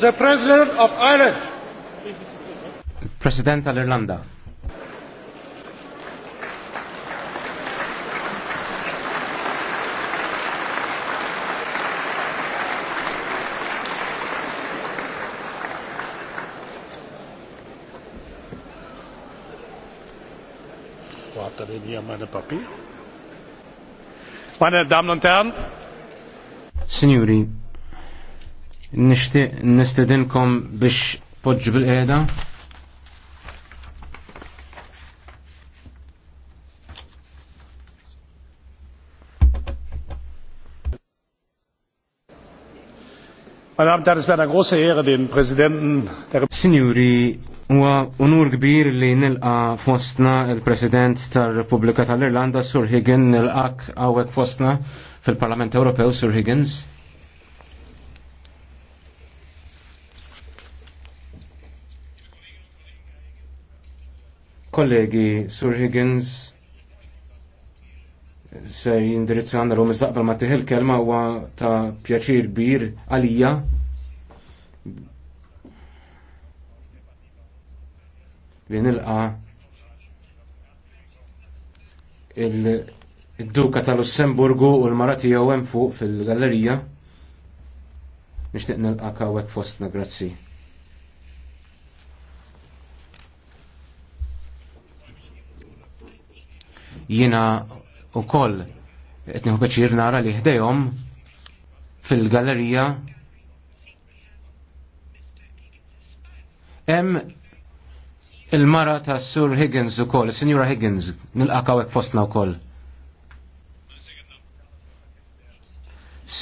the President of Ireland. President of irlanda Meine Damen und Herren. Signori, nishtiq nistedinkom biex podġ bil-qeda. Meine Damen und Herren, es wäre eine große Ehre, den Präsidenten der Republik... Signori, huwa unur kbir li nilqa fostna il-President tar-Repubblika tal-Irlanda, Sur Higgins, nilqak għawek fostna fil-Parlament Ewropew, Sir Higgins. kollegi Sur Higgins se jindirizzan l mistaqbel ma tiħil kelma huwa ta' pjaċir bir għalija li nilqa il-duka tal-Lussemburgu u l-marati jowem hemm fuq fil-gallerija nixtieq nilqa' kawek fostna grazzi. Jiena wkoll qed nieħu pjaċir nara li ħdejhom fil-gallerija hemm il-mara ta' Sur Higgins ukoll, Signora Higgins, nilqakawek fostna wkoll.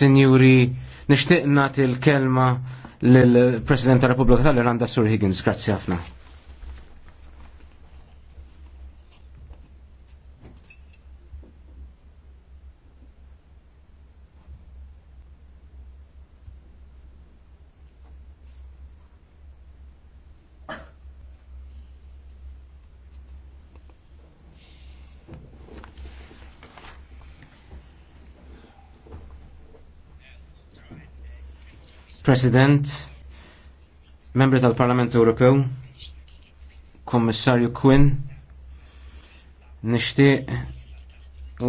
koll. nixtieq nagħti l kelma lill-President tar Repubblika tal iranda Sur Higgins, grazzi ħafna. President, membri tal-Parlament Ewropew, Kommissarju Quinn, nishtiq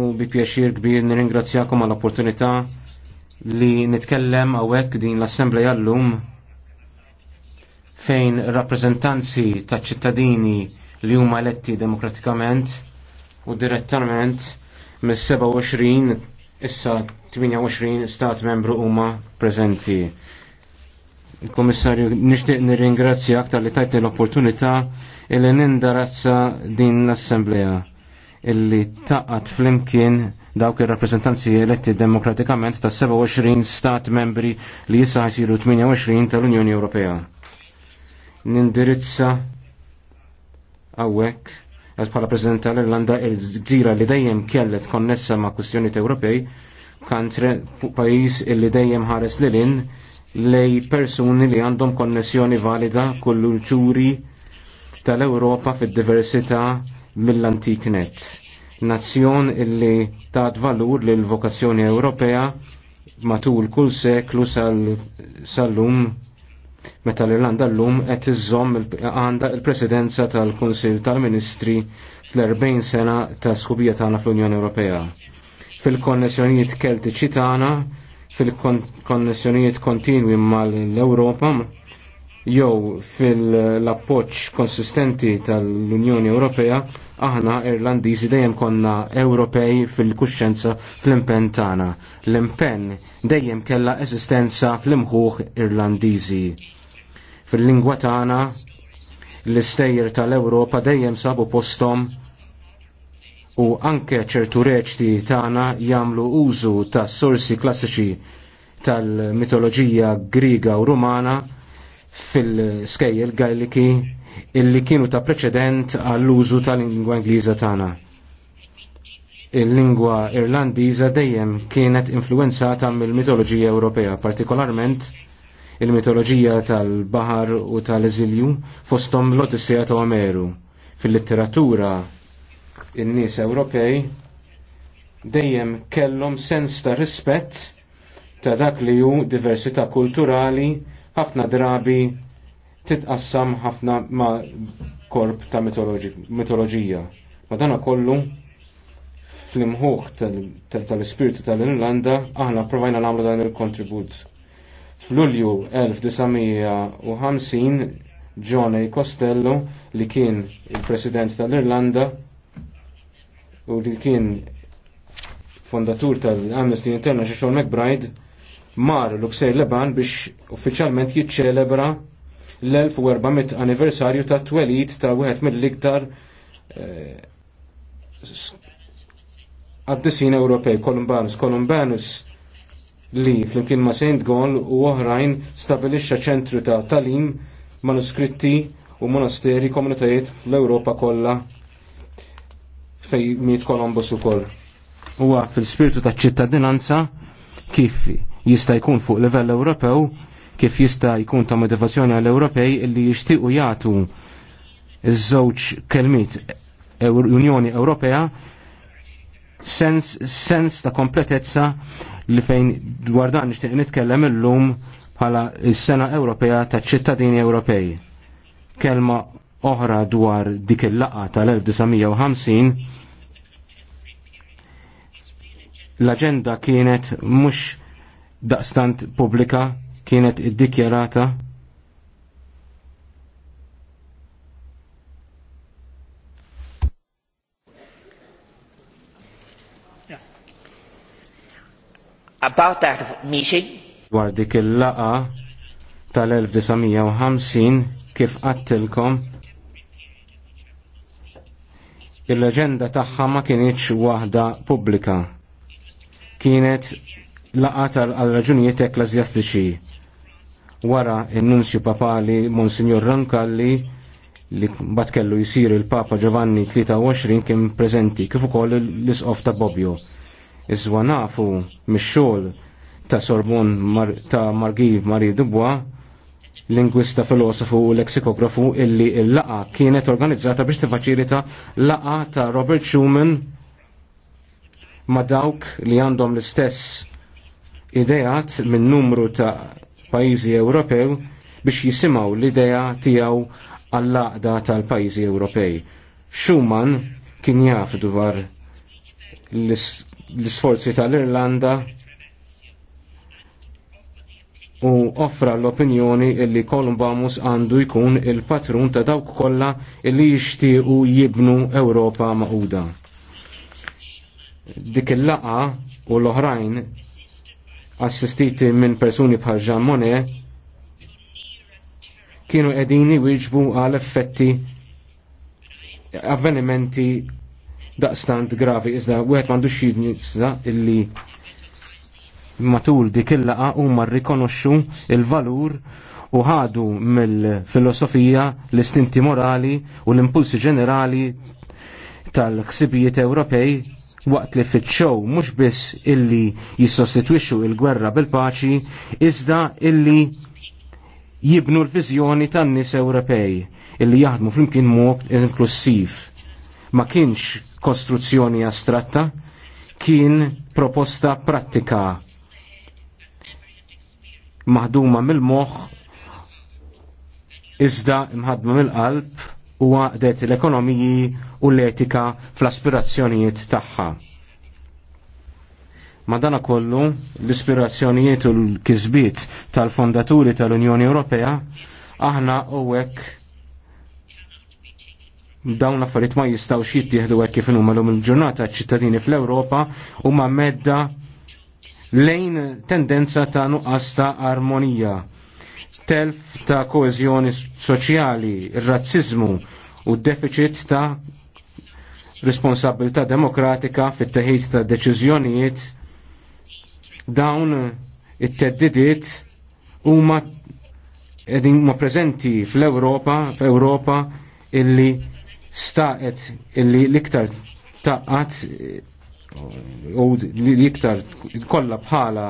u bi pjaċir kbir nir-ingrazzjakom għall opportunità li nitkellem għawek din l-Assembleja jallum fejn rappresentanzi ta' ċittadini li huma eletti demokratikament u direttament mis-27 issa 28 stat membru huma preżenti. Il-Komissarju, nishtiq nir-ringrazzja aktar li tajt l-opportunità illi nindarazza din l-Assemblea illi taqat flimkien dawk ir rappresentanzi eletti demokratikament ta' 27 stat membri li jissa jsiru 28 tal-Unjoni Ewropea. Nindirizza għawek għaz bħala President tal-Irlanda il-gżira li dejjem kellet konnessa ma' kwistjonijiet Ewropej kantre pajis li dejjem ħares lilin lej persuni li għandhom konnessjoni valida kull-ulturi tal-Europa fid-diversità mill-antik net. Nazzjon illi tat valur l vokazzjoni Ewropea matul kull seklu sal-lum meta l-Irlanda l-lum qed iżżomm għandha l-presidenza tal-Kunsil tal-Ministri fl-40 sena ta' skubija tagħna fl-Unjoni Ewropea. Fil-konnessjonijiet keltiċi tagħna fil-konnessjonijiet kontinwi mal-Europa jew fil-appoċ konsistenti tal-Unjoni Ewropea, aħna Irlandiżi dejjem konna Ewropej fil-kuxxenza fl-impenn tagħna. L-impenn dejjem kellha eżistenza fl-imħuħ Irlandiżi. Fil-lingwa tagħna l-istejjer tal-Ewropa dejjem sabu postom u anke ċertu reċti tagħna jagħmlu użu ta' sorsi klassiċi tal-mitoloġija griga u rumana fil-skejjel galliki illi kienu ta' preċedent għall-użu tal-lingwa Ingliża tagħna. Il-lingwa Irlandiża dejjem kienet influenzata mill-mitoloġija Ewropea, partikolarment il-mitoloġija tal-Bahar u tal-Eżilju fostom l-Odissea ta' Omeru. Fil-litteratura in-nies Ewropej dejjem kellhom sens ta' rispett ta' dak li hu diversità kulturali ħafna drabi titqassam ħafna ma' korp ta' mitoloġija. Ma dana kollu fl-imħuħ tal-ispirtu tal-Irlanda aħna provajna nagħmlu dan il-kontribut. F'Lulju 1950 John A. Costello li kien il-President tal-Irlanda u li kien fondatur tal-Amnesty International McBride mar Luxer Leban biex uffiċjalment jiċċelebra l-1400 anniversarju ta' twelid ta' wieħed mill-iktar eh, għaddisin Ewropej, Columbanus. Columbanus li flimkien ma' Saint Gall u oħrajn stabilixxa ċentru ta' talim, manuskritti u monasteri komunitajiet fl-Ewropa kollha fej mit Kolombos ukoll. Huwa fil spiritu ta' ċittadinanza kif jista' jkun fuq livell Ewropew, kif jista' jkun ta' motivazzjoni għall Ewropej illi jixtiequ jagħtu iż-żewġ kelmiet Unjoni Ewropea sens, sens ta' kompletezza li fejn dwar dan nixtieq nitkellem illum bħala s-sena Ewropea ta' ċittadini Ewropej. Kelma oħra dwar dik il-laqa tal-1950 l-agenda kienet mux daqstant publika, kienet iddikjarata. About that meeting. Dwar dik il-laqa tal-1950 kif għattilkom il-leġenda taħħa ma kienieċ waħda publika kienet laqat għal raġunijiet ekklesjastiċi. Wara n-nunzju papali Monsignor Rankalli li bat kellu jisir il-Papa Giovanni 23 kien prezenti kif ukoll l-isqof ta' Bobbio. Iżwa nafu mix-xogħol ta' Sorbon mar ta' Margi Marie Dubois lingwista, filosofu u leksikografu illi il-laqa kienet organizzata biex tifaċilita laqa ta' Robert Schumann ma' dawk li għandhom l-istess ideat minn numru ta' pajjiżi Ewropew biex jisimaw l-idea tiegħu għall-laqda tal-pajjiżi Ewropej. Schumann kien jaf dwar l-isforzi tal-Irlanda u offra l-opinjoni illi Kolumbamus għandu jkun il-patrun ta' dawk kollha illi jixtiequ jibnu Ewropa maquda dik il-laqa u l-oħrajn assistiti minn persuni bħal ġammone kienu edini wieġbu għal effetti avvenimenti daqstant gravi iżda wieħed m'għandux jinsa illi matul dik il-laqa huma rrikonoxxu il-valur u ħadu mill-filosofija l-istinti morali u l-impulsi ġenerali tal-ħsibijiet Ewropej waqt li fit-show mhux biss illi jissostitwixxu il-gwerra bil-paċi, iżda illi jibnu l-viżjoni tan-nies Ewropej illi jaħdmu flimkien mod inklusiv. Ma kienx kostruzzjoni astratta, kien proposta prattika maħduma mill-moħħ iżda imħadma mill-qalb u għadet l-ekonomiji u l-etika fl-aspirazzjonijiet tagħha. Madana kollu l-ispirazzjonijiet u l-kisbiet tal-fondaturi tal-Unjoni Ewropea aħna u hekk dawn l-affarijiet ma jistgħux jittieħdu hekk kif huma l il-ġurnata ċittadini fl-Ewropa huma medda lejn tendenza ta' nuqqas ta' armonija telf ta' koezjoni soċjali, r razzizmu u d-deficit ta' responsabilità demokratika fit teħid ta' deċiżjonijiet dawn it-teddidiet huma qegħdin huma preżenti fl-Ewropa, f'Ewropa illi staqet illi l-iktar taqqat u l-iktar kollha bħala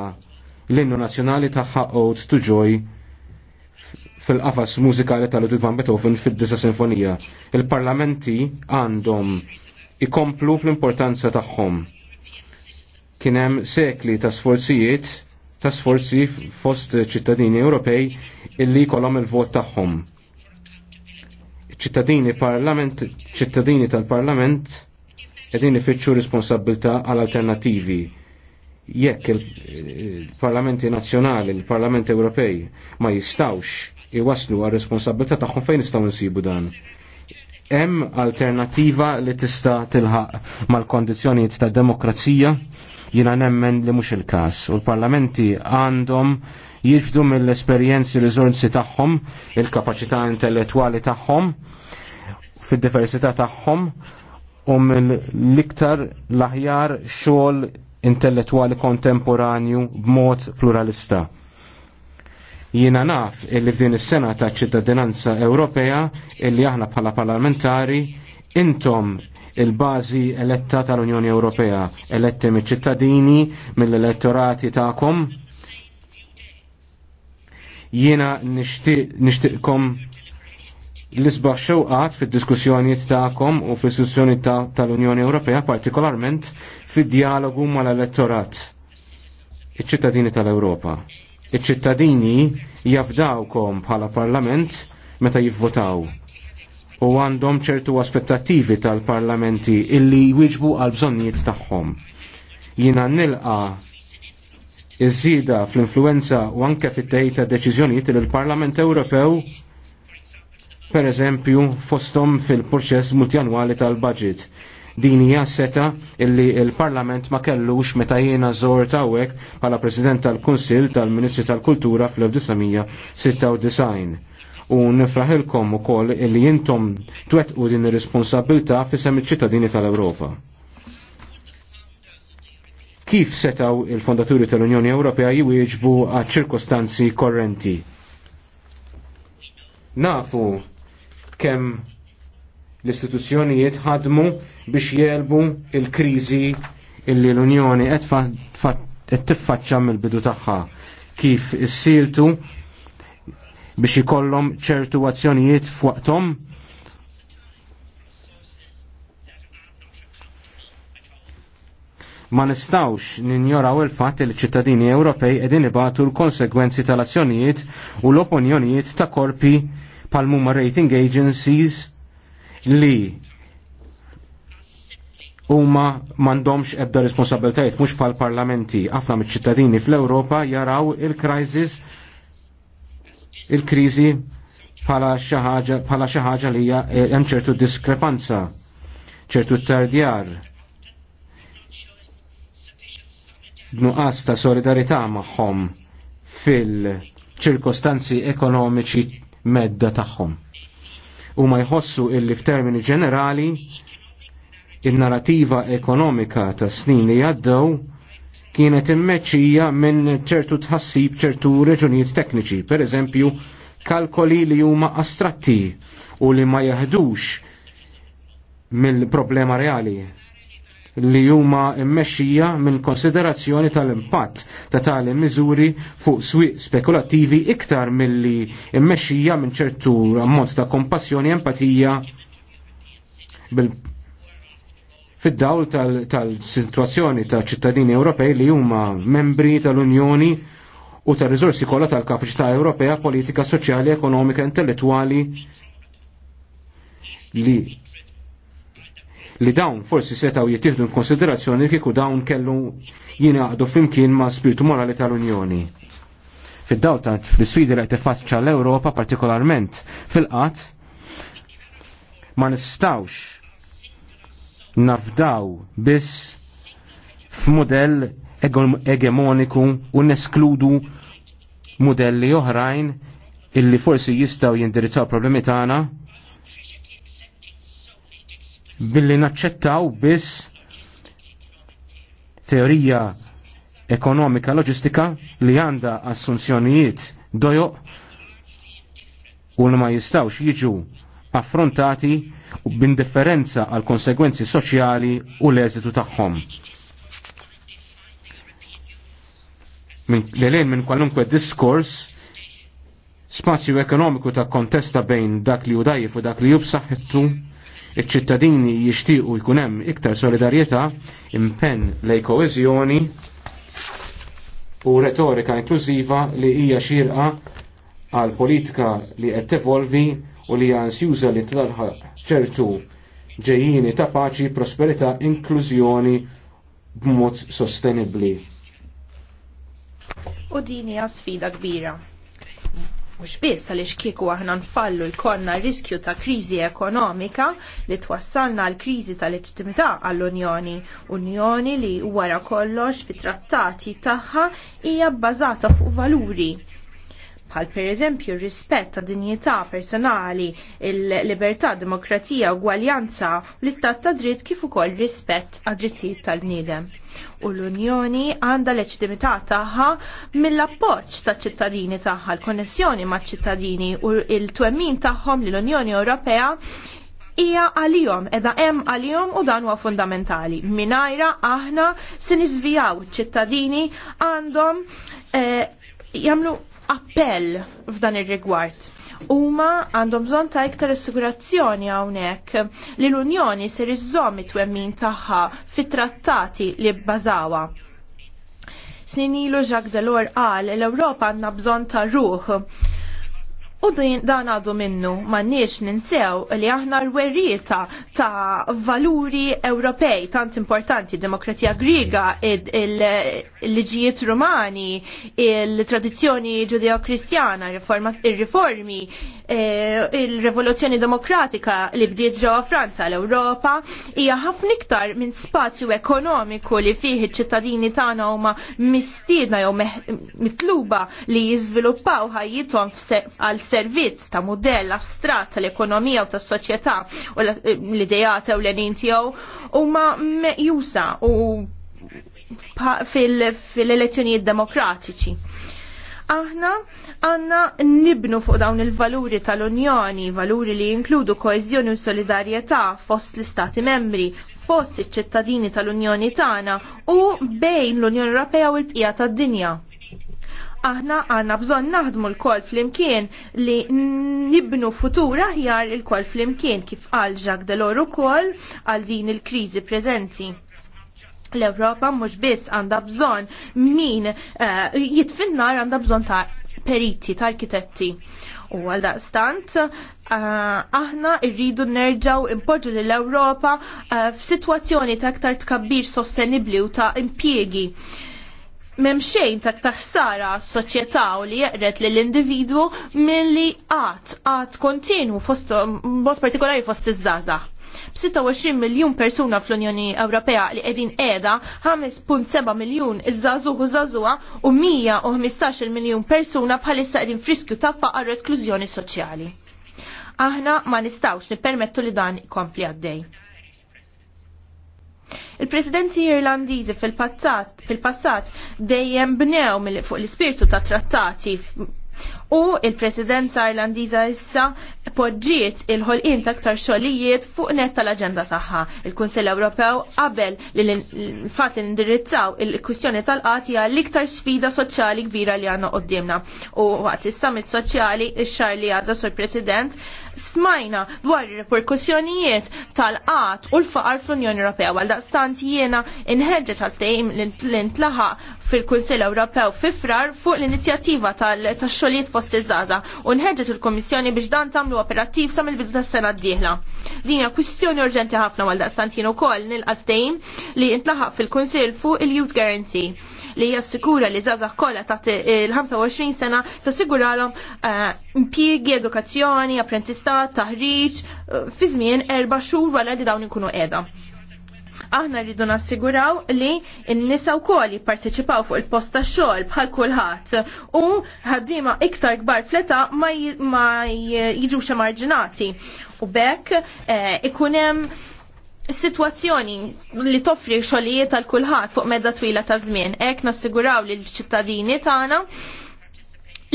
l-innu nazzjonali taħħa Ode tuġoj fil-qafas mużikali ta' Ludwig van Beethoven fid-disa sinfonija. Il-parlamenti għandhom ikomplu fl-importanza tagħhom. Kien hemm sekli ta' sforzijiet ta' sforzi fost ċittadini Ewropej illi jkollhom il-vot tagħhom. ċittadini parlament, ċittadini tal-parlament qegħdin ifittxu responsabilità għal alternattivi. Jekk il-parlamenti nazzjonali, il-parlament Ewropej ma jistawx iwaslu għal responsabilità tagħhom fejn nistgħu nsibu dan. Hemm alternativa li tista' tilħaq mal-kondizzjonijiet ta' demokrazija jiena nemmen li mhux il-każ u l-parlamenti għandhom jifdu mill-esperjenzi riżorsi tagħhom, il-kapaċità intellettwali tagħhom, fid-diversità tagħhom u mill-iktar l-aħjar xogħol intellettwali kontemporanju b'mod pluralista. Jiena naf illi f'din is-sena ta' ċittadinanza Ewropea illi aħna bħala parlamentari intom il-bażi eletta tal-Unjoni Ewropea, eletti mill-ċittadini, mill-elettorati tagħkom. Jiena nixtieqkom l isba xewqat fid diskussjonijiet tagħkom u fl istituzzjoni tal-Unjoni Ewropea, partikolarment fid-dialogu mal-elettorat, iċ-ċittadini tal-Ewropa. Iċ-ċittadini jafdawkom bħala parlament meta jivvotaw u għandhom ċertu aspettattivi tal-parlamenti illi jwiġbu għal bżonnijiet tagħhom. Jiena nilqa iż fl-influenza u anke fit ta' deċiżjonijiet li l-Parlament Ewropew per eżempju fostom fil-proċess multjanwali tal-budget. Din hija seta illi il-Parlament ma kellux meta jiena żor ta'wek bħala President tal-Kunsill tal-Ministri tal-Kultura fl-1996 u nifraħilkom ukoll illi jintom twettqu din ir responsabilità fi iċ-ċittadini tal-Ewropa. Kif setaw il-fondaturi tal-Unjoni Ewropea jwieġbu għal ċirkostanzi korrenti? Nafu kemm L-istituzzjonijiet ħadmu biex jelbu il-kriżi illi l-Unjoni qed tiffaċċa mill-bidu tagħha kif is-siltu biex ikollhom ċertu azzjonijiet f'waqthom ma nistawx ninjoraw il-fatt li ċittadini Ewropej edin ibatu l-konsegwenzi tal-azzjonijiet u l-opinjonijiet ta' korpi pal-mumma rating agencies li huma m'għandhomx ebda responsabiltajiet mhux bħal parlamenti ħafna miċ-ċittadini fl-Ewropa jaraw il-crisis il-kriżi bħala xi ħaġa li hija eh, hemm ċertu diskrepanza, ċertu tardjar. Nuqqas ta' solidarità magħhom fil-ċirkostanzi ekonomiċi medda tagħhom u ma jħossu illi f'termini ġenerali il-narrativa ekonomika ta' snin li għaddew kienet immeċija minn ċertu tħassib ċertu reġunijiet tekniċi, per eżempju kalkoli li huma astratti u li ma jaħdux mill-problema reali li huma mmexxija minn konsiderazzjoni tal-impatt ta' tali miżuri fuq swieq spekulattivi iktar milli mmexxija minn ċertu ammont ta' kompassjoni empatija bil fid-dawl tal-situazzjoni tal ta' ċittadini Ewropej li huma membri tal-Unjoni u tar riżorsi kollha tal-kapaċità Ewropea politika soċjali, ekonomika, intellettwali li li dawn forsi setaw in konsiderazzjoni kieku dawn kellu jingħaqdu flimkien ma' spiritu morali tal-Unjoni. Fid-daw tant fl-sfidi li qed l-Ewropa partikolarment fil-qatt ma nistawx nafdaw biss f'modell egemoniku u neskludu modelli oħrajn illi forsi jistaw jindirizzaw problemi tagħna billi naċċettaw biss teorija ekonomika loġistika li għanda assunzjonijiet dojo u li ma jistawx jiġu affrontati b'indifferenza għal konsegwenzi soċjali u l-eżitu tagħhom. Lelejn minn kwalunkwe diskors spazju ekonomiku ta' kontesta bejn dak li u dajif u dak li ju b'saħħittu Iċ-ċittadini jixtiequ jkun hemm iktar solidarjetà, impenn lej koeżjoni u retorika inklużiva li hija xirqa għal politika li qed tevolvi u li hija ansjuża li tlaħħa ċertu ġejjini ta' paċi, prosperità, inklużjoni b'mod sostenibbli. U dini hija sfida kbira. Mhux biss għaliex kieku aħna nfallu jkollna riskju ta' kriżi ekonomika li twassalna għal kriżi tal-leġitimità għall-Unjoni. Unjoni li wara kollox fit-trattati tagħha hija bbażata fuq valuri bħal per eżempju rispett ta' dinjità personali, il-libertà, demokrazija, ugwaljanza u l-istat ta' dritt kif ukoll rispett għad drittijiet tal-bniedem. U l-Unjoni għandha leċitimità tagħha mill-appoġġ ta' ċittadini tagħha, l-konnessjoni ma' ċittadini u l-twemmin tagħhom li l-Unjoni Ewropea hija għalihom, edha hemm għalihom u dan huwa fundamentali. Minajra aħna se niżvijaw ċittadini għandhom eh, appell f'dan ir-rigward. Huma għandhom bżonn ta' iktar assigurazzjoni hawnhekk li l-Unjoni ser iżżomm it-twemmin tagħha fit-trattati li bbażawha. Snin ilu Jacques Delors qal l-Ewropa għandna bżonn ta' ruħ U dan għadu minnu m'għandniex ninsew li aħna l-werrieta ta' valuri Ewropej tant importanti, demokrazija griga, il-liġijiet rumani, il-tradizzjoni ġudeo-kristjana, il-riformi, eh, il revoluzjoni demokratika li bdiet ġewwa Franza l-Ewropa hija ħafna iktar minn spazju ekonomiku li fih iċ-ċittadini tagħna huma mistiedna jew mitluba li jiżviluppaw ħajjithom għal servizz ta' modell astrat tal-ekonomija u tas-soċjetà u l eh, idea u l-enin tiegħu huma meqjusa u fil-elezzjonijiet demokratiċi. Aħna għanna nibnu fuq dawn il-valuri tal-Unjoni, valuri li jinkludu koezjoni u solidarjetà fost l-Istati membri, fost iċ-ċittadini tal-Unjoni tagħna u bejn l-Unjoni Ewropea u l-bqija tad-dinja aħna għanna bżon naħdmu l-kol fl-imkien li nibnu futura ħjar il-kol fl-imkien kif għal Jacques Delors ukoll għal din il-krizi preżenti l-Europa mhux biss għandha bżonn min uh, eh, jitfinnar għandha bżonn ta' periti, ta' arkitetti. U għalda stant, uh, eh, aħna irridu nerġaw li l ewropa uh, eh, f'sitwazzjoni ta' aktar tkabbir sostenibli u ta' impjiegi Mem xejn ta' taħsara soċjetà u li jeqret lill individwu milli għat, għat kontinu fost, mod partikolari fost iż-żaza. B-26 miljun persuna fl-Unjoni Ewropea li qegħdin qiegħda 5.7 miljun iż-żagħżugħu żagħżugħa u 115 miljun persuna bħalissa qegħdin friskju ta' faqar esklużjoni soċjali. Aħna ma nistgħux nippermettu li dan ikompli għaddej Il-presidenti irlandiżi fil-passat dejjem bnew fuq l-ispirtu ta' trattati u il-presidenza irlandiża issa poġġiet il-ħolqien ta' ktar xogħlijiet fuq net tal-aġenda tagħha. Il-Kunsill Ewropew qabel li fatt li indirizzaw il-kwistjoni tal-qatt hija l-iktar sfida soċjali kbira li għandna qudiemna. U waqt is-summit soċjali x xar li għadda sur President smajna dwar ir-reperkussjonijiet tal-qat u l-faqar fl-Unjoni Ewropea għal daqstant jiena inħeġġeġ għal ftehim l intlaħa fil-Kunsill Ewropew fifrar fuq l-inizjattiva tal-xogħlijiet fost iż-żgħażagħ u nħeġġeġ il-Kummissjoni biex dan tagħmlu operattiv sa mill-bidu tas-sena d-dieħla. Din hija kwistjoni urġenti ħafna għal daqstant jien ukoll nil ftehim li intlaħaq fil kunsil fuq il-Youth Guarantee li jassikura li żgħażagħ kollha taħt il-25 sena tassiguralhom eh, impjiegi, edukazzjoni, apprentista ta' taħriġ eh, fi żmien erba' xhur wara li dawn ikunu qiegħda. Aħna rridu nassiguraw li n-nisa wkoll jipparteċipaw fuq il-post tax-xogħol bħal kulħadd u ħaddiema iktar kbar fleta ma, ma jiġux emarġinati. U bekk eh, ikun hemm situazzjoni li toffri xogħlijiet għal kulħadd fuq medda twila ta' żmien. Hekk nassiguraw li l ċittadini tagħna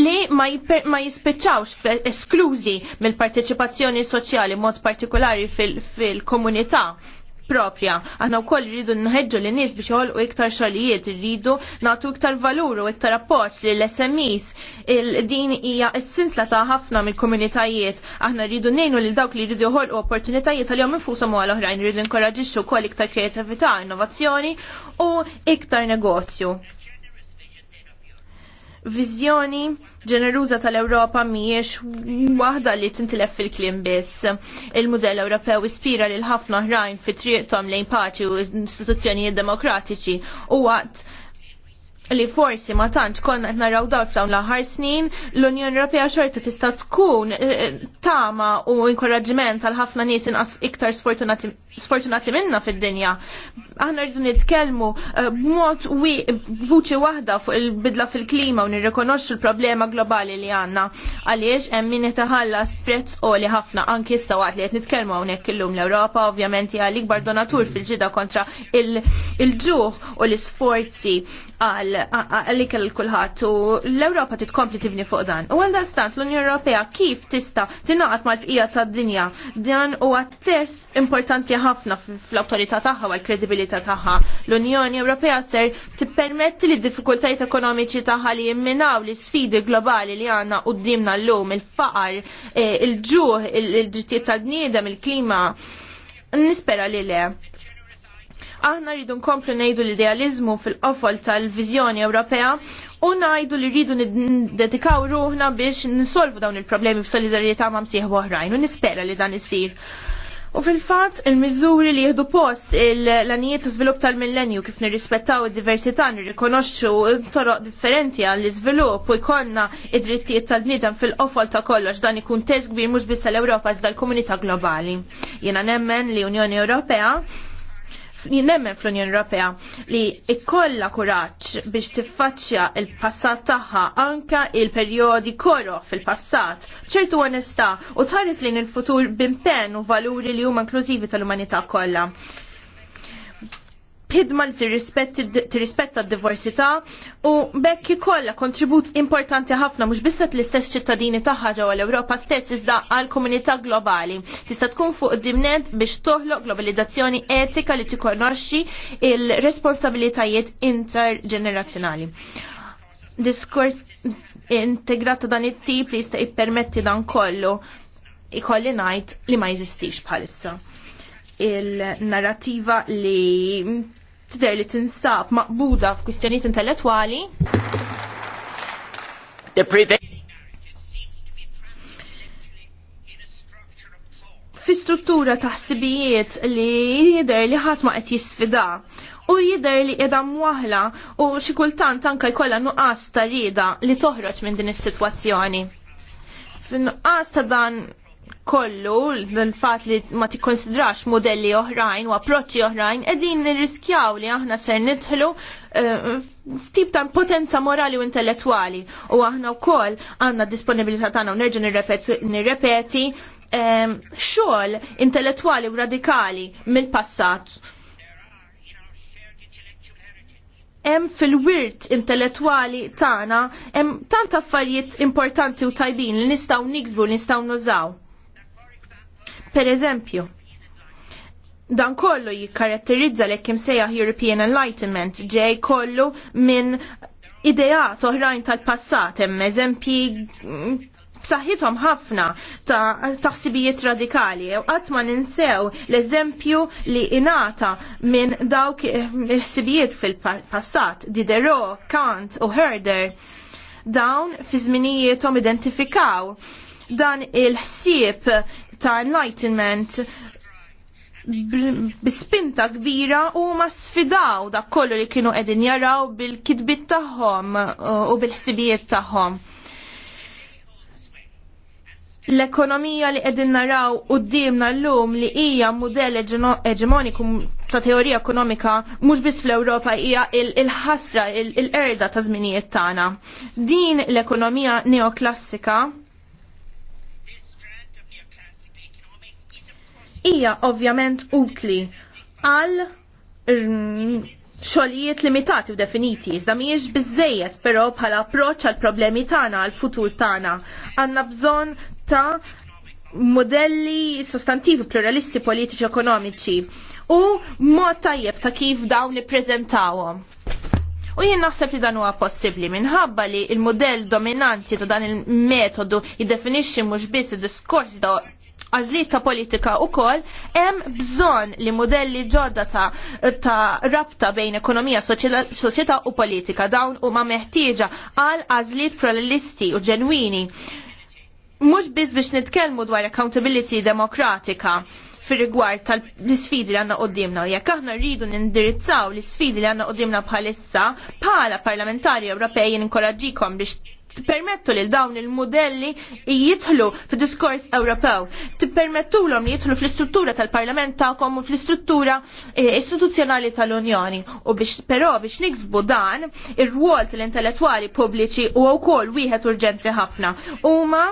li ma, ma jispiċċawx esklużi mill-parteċipazzjoni soċjali mod partikolari fil-komunità fil propja. Aħna wkoll rridu nħedġu li nies biex u iktar xogħlijiet, rridu nagħtu iktar valur u iktar appoġġ lil SMEs. din hija s-sinsla ta' ħafna mill-komunitajiet. Aħna rridu ngħinu lil dawk li rridu u opportunitajiet għal-jom infusom u għal oħrajn rridu nkoraġixxu wkoll iktar kreativita, innovazzjoni u iktar negozju. Viżjoni ġeneruża tal-Ewropa mhijiex waħda li tintilef fil-klim biss. Il-mudell Ewropew ispira lil ħafna oħrajn fi triqthom lejn paċi u istituzzjonijiet demokratiċi u waqt li forsi ma tantx konna qed naraw dawn f'dawn l-aħħar snin, l-Unjoni Ewropea xorta tista' tkun eh, eh, tama u inkoraġġiment għal ħafna nies inqas iktar sfortunati minna fid-dinja. Aħna rridu nitkellmu eh, b'mod vuċi waħda fuq il-bidla fil-klima u nirrikonoxxu l-problema globali li għandna. Għaliex hemm min qed iħallas prezz qoli ħafna anki issa waqt li qed nitkellmu hawnhekk illum l-Ewropa ovvjament hija l-ikbar donatur fil-ġida kontra il-ġuħ u l-isforzi għal għalik l-kulħat u l-Europa titkompli tibni fuq dan. U għal stant l-Unjoni Ewropea kif tista tinaqat mal-bqija tad dinja dan u għattest test importanti ħafna fl autorita tagħha u l-kredibilità tagħha. L-Unjoni Ewropea ser tippermetti li diffikultajiet ekonomiċi tagħha li jimminaw l sfidi globali li għandna l llum il-faqar, eh, il-ġuħ, il-drittijiet tal-bniedem, il-klima. Nispera li le Aħna rridu nkomplu ngħidu l-idealizmu fil-qofol tal-viżjoni Ewropea u ngħidu li rridu niddedikaw ruħna biex nsolvu dawn il-problemi f'solidarjetà ma' msieħ oħrajn u nispera li dan isir. U fil-fat, il-mizzuri li jihdu post l-anijiet ta' svilup tal-millenju kif nirrispettaw id-diversità, nirrikonoxxu toroq differenti għall-iżvilupp u jkollna id-drittijiet tal-bniedem fil-qofol ta' kollox dan ikun test kbir mhux biss tal-Ewropa iżda l-komunità globali. Jiena nemmen li Unjoni Ewropea nemmen fl-Unjoni Ewropea li ikkolla kuraġġ biex tiffaċċja il-passat tagħha anka il-perjodi koro fil-passat. ċertu onestà, u tħares lejn il-futur b'impenn u valuri li huma inklużivi tal-umanità kollha ħidma li tirrispetta d-diversità u bekk ikollha kontribut importanti ħafna mhux biss l-istess ċittadini tagħha ġewwa l-Ewropa stess iżda għal komunità globali. Tista' tkun fuq dimnet biex toħloq globalizzazzjoni etika li tikkonoxxi il-responsabilitajiet interġenerazzjonali. Diskors integrat dan it-tip li jista' jippermetti dan kollu ikolli ngħid li ma jeżistix bħalissa il-narrativa li tider li tinsab maqbuda f'kwistjonijiet intellettwali. fi struttura ta' ħsibijiet li jidher li ħadd ma qed jisfida u jidher li qiegħda mwaħla u xi kultant anke jkollha nuqqas ta' rieda li toħroġ minn din is-sitwazzjoni. Fin-nuqqas ta' dan kollu, l-fat li ma tikkonsidrax modelli oħrajn u approċċi oħrajn, edin nirriskjaw li aħna ser nidħlu eh, f'tip ta' potenza morali u intellettuali. U aħna wkoll għandna disponibilità tagħna u nerġa' nirrepeti eh, xogħol intellettuali u radikali mill-passat. Hemm fil-wirt intellettuali tagħna hemm tant affarijiet importanti u tajbin li nistgħu niksbu, nistgħu nużaw Per eżempju, dan kollu jikkaratterizza l kim sejjaħ European Enlightenment ġej kollu minn ideat oħrajn tal-passat, hemm eżempji mm, b'saħħithom ħafna ta' taħsibijiet radikali. U qatt ma ninsew l-eżempju li inata minn dawk il-ħsibijiet eh, fil-passat, Diderot, Kant u Herder, dawn fi żminijietom identifikaw dan il-ħsieb ta' enlightenment bispinta kbira u ma sfidaw dak kollu li kienu qegħdin jaraw bil-kidbit tagħhom uh, u bil-ħsibijiet tagħhom l-ekonomija li qegħdin naraw qudiemna llum li hija mudell eġemoniku ta' teorija ekonomika mhux biss fl-Ewropa hija il-ħasra il-erda ta' żminijiet tagħna. Din l-ekonomija neoklassika hija ovvjament utli għal mm, xogħlijiet limitati u definiti, iżda mhijiex bizzejet, però bħala approċċ għal problemi tagħna għal futur tagħna. Għandna bżonn ta' modelli sostantivi pluralisti politiċi ekonomiċi u mod tajjeb ta' kif dawn nippreżentawhom. U jien naħseb li dan huwa possibbli minħabba li il-modell dominanti ta' dan il-metodu jiddefinixxi mhux biss id-diskors għażliet ta' politika wkoll hemm bżonn li modelli ġodda ta', ta rabta bejn ekonomija, soċieta u politika dawn huma meħtieġa għal għażliet pluralisti u ġenwini. Mhux biss biex nitkellmu dwar accountability demokratika fir rigward tal-sfidi li għanna qoddimna. Jekk aħna rridu nindirizzaw l-sfidi li għanna qoddimna bħalissa, bħala parlamentari Ewropej jinkoraġġikom biex permettu li dawn il-modelli jidħlu fi diskors Ewropew. Tippermettu l jitħlu fl-istruttura tal-parlament ta'kom u fl-istruttura eh, istituzzjonali tal-Unjoni. U biex però biex niksbu dan, ir ruol tal-intellettuali pubbliċi u wkoll wieħed urġenti ħafna. Huma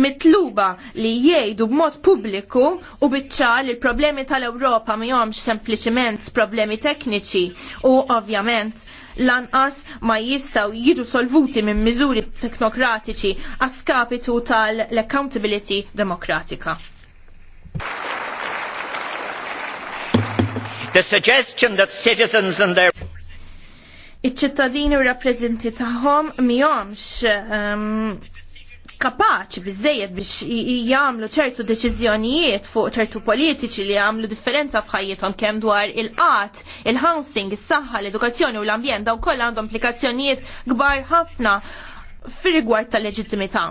mitluba li jgħidu b'mod pubbliku u biċċar li l-problemi tal-Ewropa mihomx sempliċiment problemi tekniċi u ovvjament lanqas ma jistaw jiġu solvuti minn miżuri teknokratiċi għaskapitu tal-accountability demokratika. The suggestion that citizens and their Iċ-ċittadini u rappreżenti tagħhom mihomx ehm, kapaċi bizzejed biex jagħmlu ċertu deċiżjonijiet fuq ċertu politiċi li jagħmlu differenza f'ħajjithom kemm dwar il qat il-housing, is-saħħa, l-edukazzjoni u l-ambjent dawn kollha għandhom implikazzjonijiet kbar ħafna fir-rigward tal-leġittimità.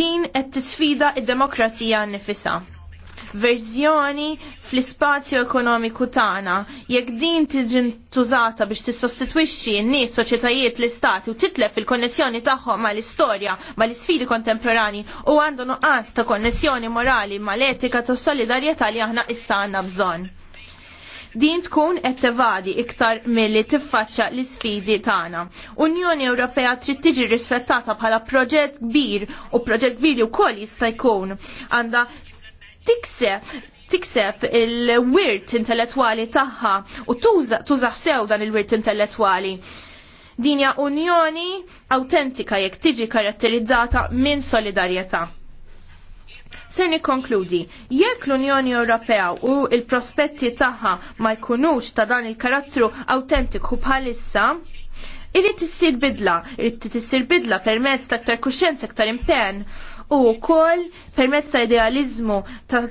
Din qed tisfida d demokrazija nnifisha verżjoni fl-ispazju ekonomiku tagħna. Jekk din tiġi tużata biex tissostitwixxi n-nies, soċjetajiet, l-istati u titlef il-konnessjoni tagħhom mal-istorja, mal-isfidi kontemporani u għandu nuqqas ta' konnessjoni morali mal-etika ta' solidarjetà li aħna issa għandna bżonn din tkun qed tevadi iktar milli tiffaċċja l-isfidi tagħna. Unjoni Ewropea trid tiġi rispettata bħala proġett kbir u proġett kbir li wkoll jista' jkun għandha tikseb tikseb il-wirt intellettwali tagħha u tużaħ sew dan il-wirt intellettwali. Dinja unjoni autentika jekk tiġi karatterizzata minn solidarjetà. Ser nikkonkludi, jekk l-Unjoni Ewropea u il-prospetti tagħha ma jkunux ta' dan il-karattru autentiku bħalissa, irrid issir bidla, irrid tissir bidla permezz ta' aktar kuxjenza aktar impenn u kol permezz ta' idealiżmu ta'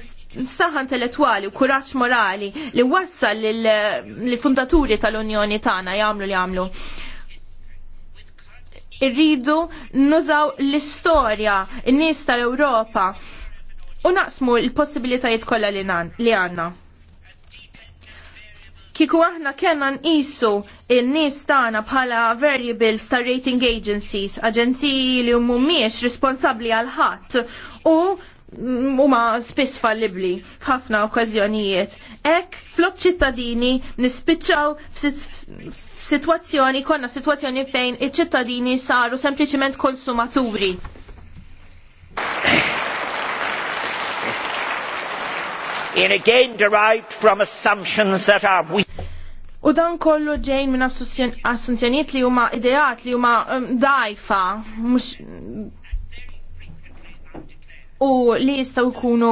saħan intellettwali u kuraġġ morali li wassal lill-fundaturi tal-Unjoni tagħna jagħmlu li jagħmlu irridu nużaw l-istorja, n-nies tal-Ewropa u naqsmu l-possibilitajiet kollha li għandna. Kiku aħna kellna nqisu in-nies tagħna bħala variables ta' rating agencies, aġenziji li mhumiex responsabbli għal ħadd u mm, huma spiss fallibbli f'ħafna okkażjonijiet. Hekk flok ċittadini nispiċċaw f'sitwazzjoni konna sitwazzjoni fejn iċ-ċittadini saru sempliċement konsumaturi. in again derived from assumptions that are weak. U dan kollu ġejn minn assunzjoniet li huma ideat li huma um, dajfa u li jistgħu jkunu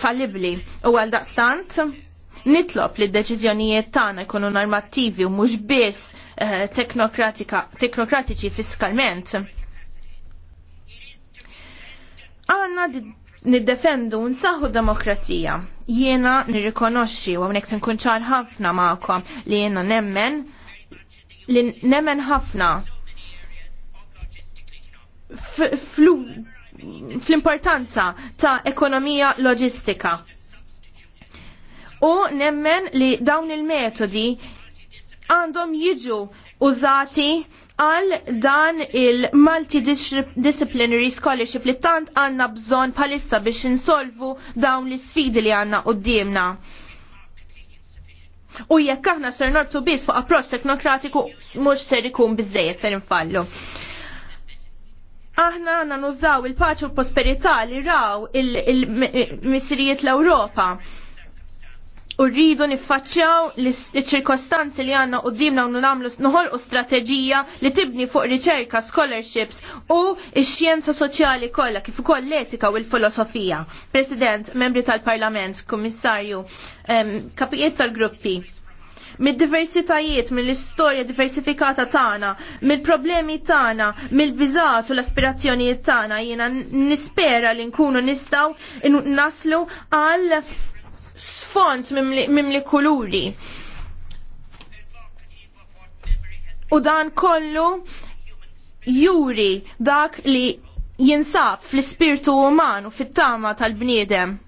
fallibli. U għal daqstant nitlob li d-deċiżjonijiet tagħna jkunu normattivi u mhux biss eh, teknokratiċi fiskalment. Għanna niddefendu nsaħħu demokrazija. Jiena nirrikonoxxi u hawnhekk se nkun ċar ħafna magħkom li jiena nemmen li nemmen ħafna fl-importanza ta' ekonomija loġistika. U nemmen li dawn il-metodi għandhom jiġu użati għal dan il-Multidisciplinary Scholarship li tant għanna bżon palissa biex insolvu dawn l-sfidi li għanna qoddimna. U jekk aħna ser nortu biss fuq approċċ teknokratiku mhux ser ikun biżejjed ser infallu. Aħna għanna nużaw il-paċu u prosperità li raw il missirijiet l-Ewropa. il, il, il l ewropa u rridu niffaċċjaw l-ċirkostanzi li għanna u dimna u namlu nħol u strategija li tibni fuq riċerka, scholarships u x-xjenza soċjali kollha kif ukoll l-etika u l-filosofija. President, membri tal-Parlament, Kummissarju, kapijiet tal-gruppi, mid-diversitajiet, mill-istorja diversifikata tagħna, mill-problemi tagħna, mill bizat u l-aspirazzjonijiet tagħna, jiena nispera li nkunu nistgħu naslu għal sfond mimli kuluri. U dan kollu juri dak li jinsab fl-spirtu umanu fit-tama tal-bniedem.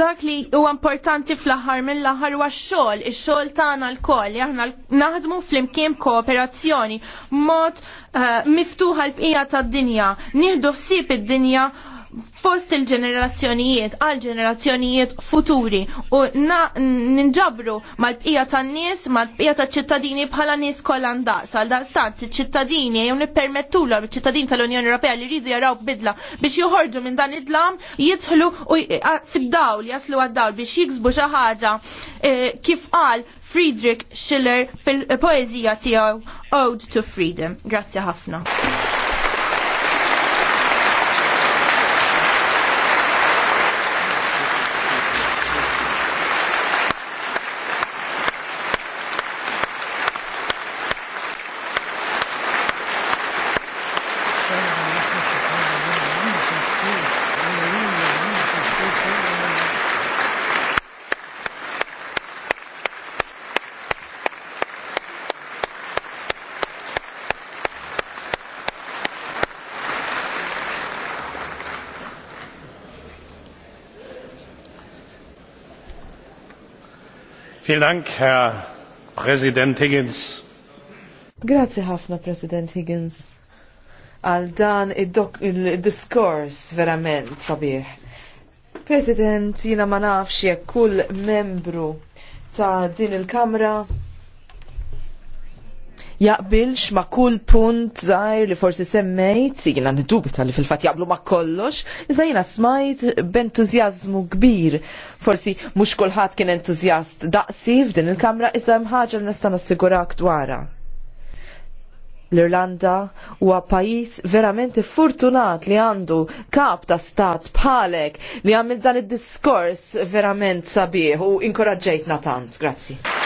Dak li huwa importanti fl-aħħar mill-aħħar huwa x-xogħol, ix-xogħol tagħna l-koll, aħna naħdmu flimkien kooperazzjoni mod eh, miftuħa l-bqija tad-dinja, nieħdu ħsieb id-dinja fost il-ġenerazzjonijiet għal ġenerazzjonijiet futuri u ninġabru mal-bqija tan-nies, mal-bqija tal-ċittadini bħala nies kollan daqs għal daqstant iċ-ċittadini jew nippermettula ċittadin tal-Unjoni Ewropea li jridu jaraw bidla biex joħorġu minn dan id-dlam jidħlu fid-dawl jaslu għad-dawl biex jiksbu xi ħaġa e, kif qal Friedrich Schiller fil-poezija tiegħu Ode to Freedom. Grazzi ħafna. Grazie ħafna, President Higgins, għal dan il-diskors verament sabiħ. President, jina ma nafx jekk kull membru ta' din il-Kamra jaqbilx ma' kull punt żgħir li forsi semmejt, jiena nidubita li fil-fatt jaqblu ma' kollox, iżda jiena smajt b'entużjażmu kbir. Forsi mhux kulħadd kien entużjast daqsi f'din il-kamra iżda hemm ħaġa li nassigurak dwarha l-Irlanda huwa pajjiż verament fortunat li għandu kap ta' stat bħalek li għamil dan id-diskors verament sabiħ u inkoraġġejtna tant. Grazzi.